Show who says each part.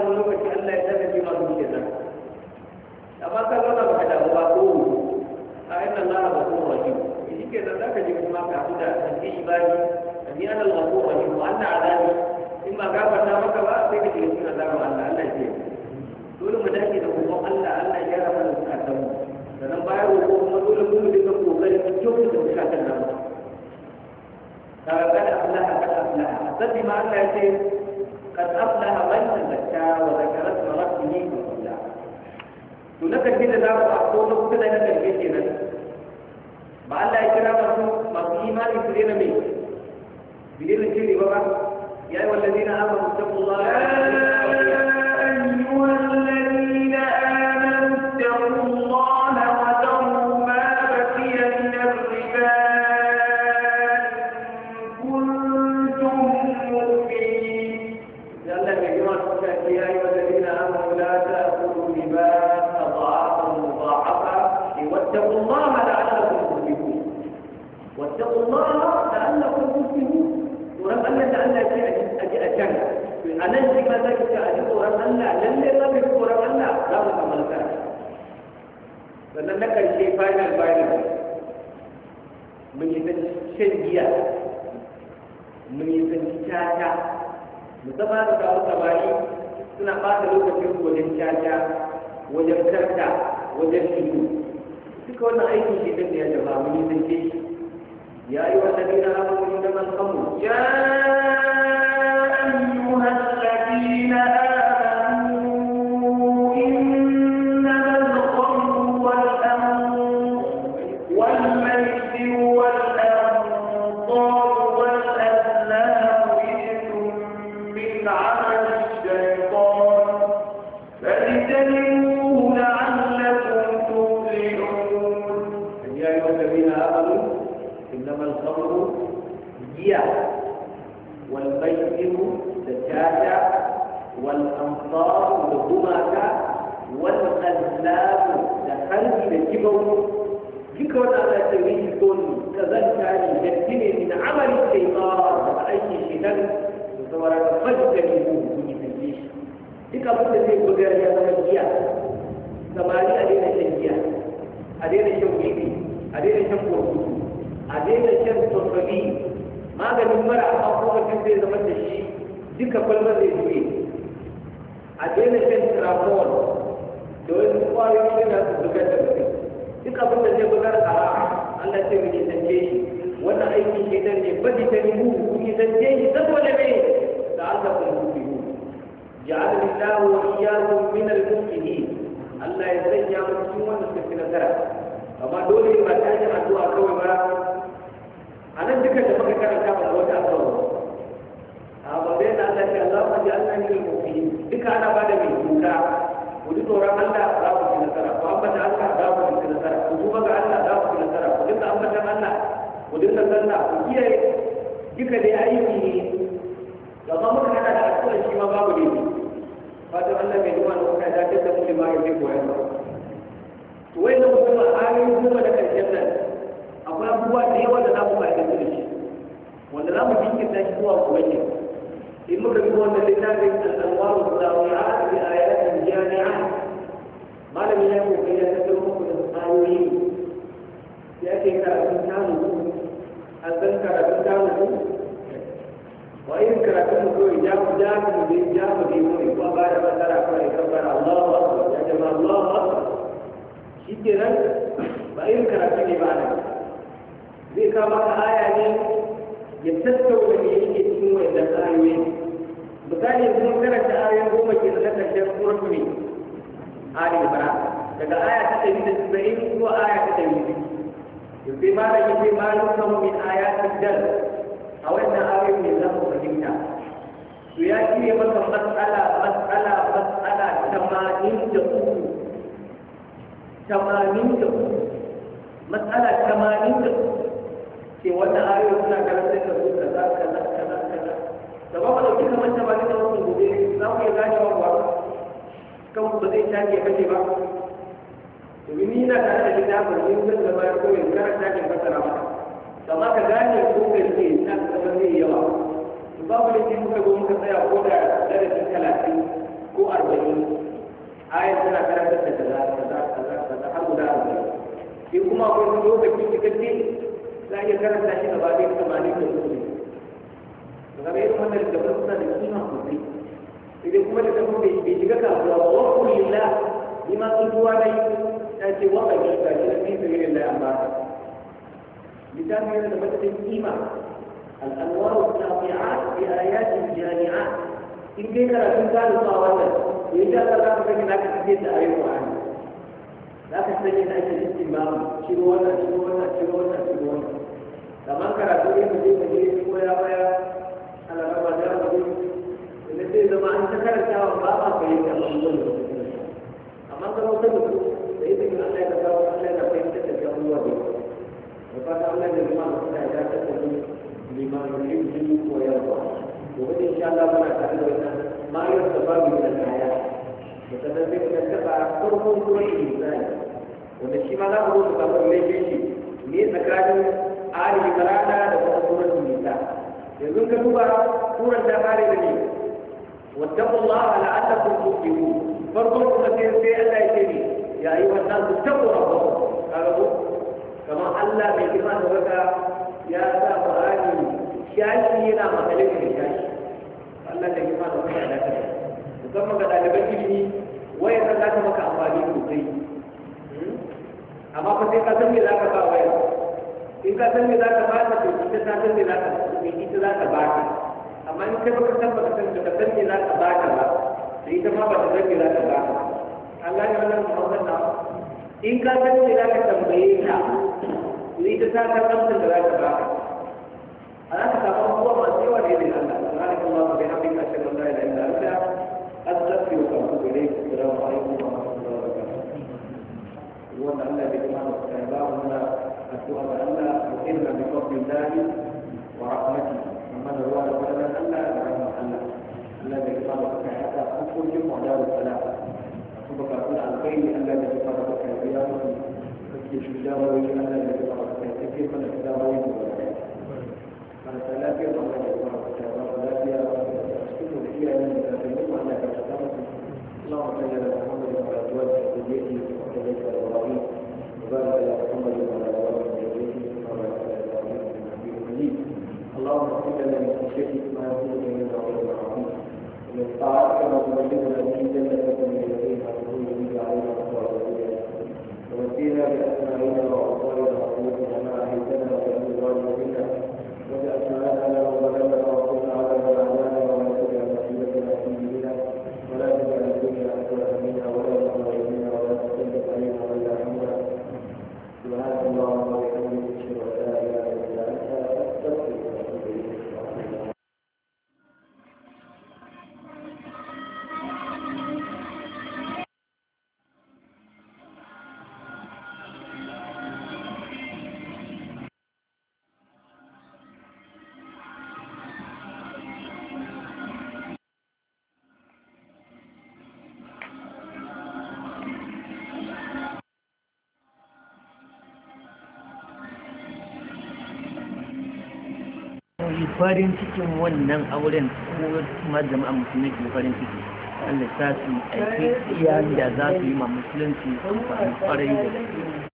Speaker 1: wani lokaci Allah ya tafi ma su nan amma ka zama ba ba ko a inna Allah ba ko rahim shi ke nan zaka ji kuma ka huda yi ibadi a ni ana ko rahim wa anna azabi in ba gafarta maka ba sai ka ji suna zama Allah Allah ya dole mu dace da kuma Allah Allah ya mu sannan bayan ko kuma dole mu kokari mu Allah Allah sabbi ma Allah ya ce na karshe da za ka ko na kuka da na karshe kenan ba Allah ya kira masu masu imani su daina mai bilin cin riba ba ya yi wallazi na amanu taqullaha واتقوا الله لعلكم تفلحون ورب الله تعالى ما ورب الله لن da kawo a suna wajen wajen wajen duka wannan shi ɗin ya الزياده والميسر زكاه والانصار لغمك والغلام لقلب لكبر ذكر الله سويه كن كذلك يهتم يعني من عمل الشيطان واي شيطان يصور ان فجك يكون في تدريس ذكر الله سويه كن كذلك يهتم من عمل samari a daina shan giya a daina shan gidi a daina maganin mara amma lokacin zai zama da shi duka kwalmar zai zuwe a daina shan tiramol da wani kwayoyi na su zuga da mutum duk abin da zai bugar a Allah sai mu nisance shi wannan aiki ke nan ne bari ta muku mu ku nisance shi saboda mai da Allah ku ku ku ja'ala Allahu wa iyyakum min al-mu'minin Allah ya sanya mu cikin wannan cikin nasara amma dole ba ta yi addu'a kawai ba a nan duka da muka karanta ba wata tsawo a babu yana Allah ce Allah ma ji Allah ne mafi duka ana ba da mai kuka ku ji tsoron Allah za ku ci nasara ku ambata Allah za ku ci nasara ku duba ga Allah za ku ci nasara ku dinga ambatan Allah ku dinga sallah ku kiyaye duka dai aiki ne amma muka hada da addu'a shi ma babu ne fatan Allah bai yi wani kuka ya dace da mu ne ma ya ce koyarwa jinkirta shi zuwa gobe in muka bi wannan littafin al-anwaru sawi'at bi ayatin jami'a malami ya kokari ya tafi muku da ayoyi ya ke karatun tamu a san karatun tamu wa yin karatun ya mu ja ne ja ne mu ba ba da matsala kawai kabbar Allahu akbar ya jama Allahu akbar shi kenan ba yin ne ba nan zai kama aya ne ya tattauna me yake cikin wannan ayoyi misali yanzu mun karanta ayoyin goma ke da karshen suratu ne ali imran daga aya ta ɗari da saba'in zuwa aya ta ɗari da sai ma da yake ma nukan min ayatin dal a wannan ayoyin ne za mu fahimta to ya shirya maka matsala matsala matsala tamanin da uku tamanin da uku matsala tamanin da uku ce wannan ayoyi suna karantar da su kaza kaza kaza kaza da ba mu dauki kamar ta ba da wannan gobe za mu iya ganewa ba kan ba zai tashi ya kace ba domin ni na tare da ba, yin zan da bayan koyin karanta ke fassara mata ba. ka gane ko ka rike ta kamar zai yawa babu da ke muka zo muka tsaya ko da darasi talatin ko arba'in ayar tana karantar da kaza kaza za kaza har guda arba'in in kuma akwai lokaci cikakke za a iya karanta shi gaba ɗaya ta malik da musulmi daga irin wannan da ba suna da kima sosai idan kuma da tafi bai shiga kasuwa ba wa kulilla ni ma sun ruwa na yi ta ce wa a yi ta ce na fi sabirin da amma littafin yana da matakin kima al'anwar tafi'a bi ayatin jami'a in kai karatun galiba wannan in sha Allah za ka sani na ka fice da ayin Qur'ani za ka sani na ake istimbabu ciro wannan ciro wannan ciro wannan ciro wannan kamar karatu ne ka je ka je ko ya baya ana gaba da ku da sai zama an ta karanta wa ba ma fahimta ba mun zo amma ka zo kan ku da yake kan Allah ya kawo Allah ya fahimta da abubuwa da da fata Allah ya zama da ya ta ta liman yuhibbu wa yarda gobe insha Allah muna tare da wannan ma yau da babu da kaya da sanar da ta ba farkon kuma ne wanda shi ma za ku yanzu ka duba suran ta fare da ne wattaqullaha la'allakum tuflihun farkon kuma sai sai Allah ya ce ya yi wannan su tabo rabbakum kaga ko kamar Allah mai girma da wata ya sa Qur'ani shashi yana makale da shashi Allah da girma da wata da ta musamman ga ɗaliban ilimi wayar za ta maka amfani sosai hmm? amma ba sai ka san me za ka ba wayar in ka san me za ka bata to ita ta san me za ka me ita za ka bata amma in kai baka san baka san baka san me za ka bata ba to ita ma ba ta san me za ka bata Allah ya wannan muhammad na in ka san me za ka tambaye ta to ita ta san da za ka bata a za ka samu kuma masu yawa ne da Allah سبحانك اللهم وبحمدك اشهد ان لا اله الا انت استغفرك واتوب اليك السلام عليكم ورحمه الله وبركاته. اللهم أسأل ألا أحل بفضل الله ورحمته ومن هو لولا ألا أعلم الله الذي خلقك حتى أخرج معدار الثلاثة أصبك كل الخير الذي خلقك قيامة تكتب الداوي الذي خلقك تكتب من الداوي فأنت لا في ضمن الله لا في الله الحيل من ذلك اللهم صل على وسلم وشهد ما يكون بيننا وبين العظيم ومن طاعتك وتبلغنا به جنتك من يديك وكل به علينا وصلاتك ومسينا باسماعيل وابصارنا وقوتنا ما احييتنا وجعل والدينا واجعل لنا fi farin cikin wannan auren ko kuma jama'a musulmi ke farin ciki wanda ta su aiki iya da za su yi ma musulunci amfani kwarai da gaske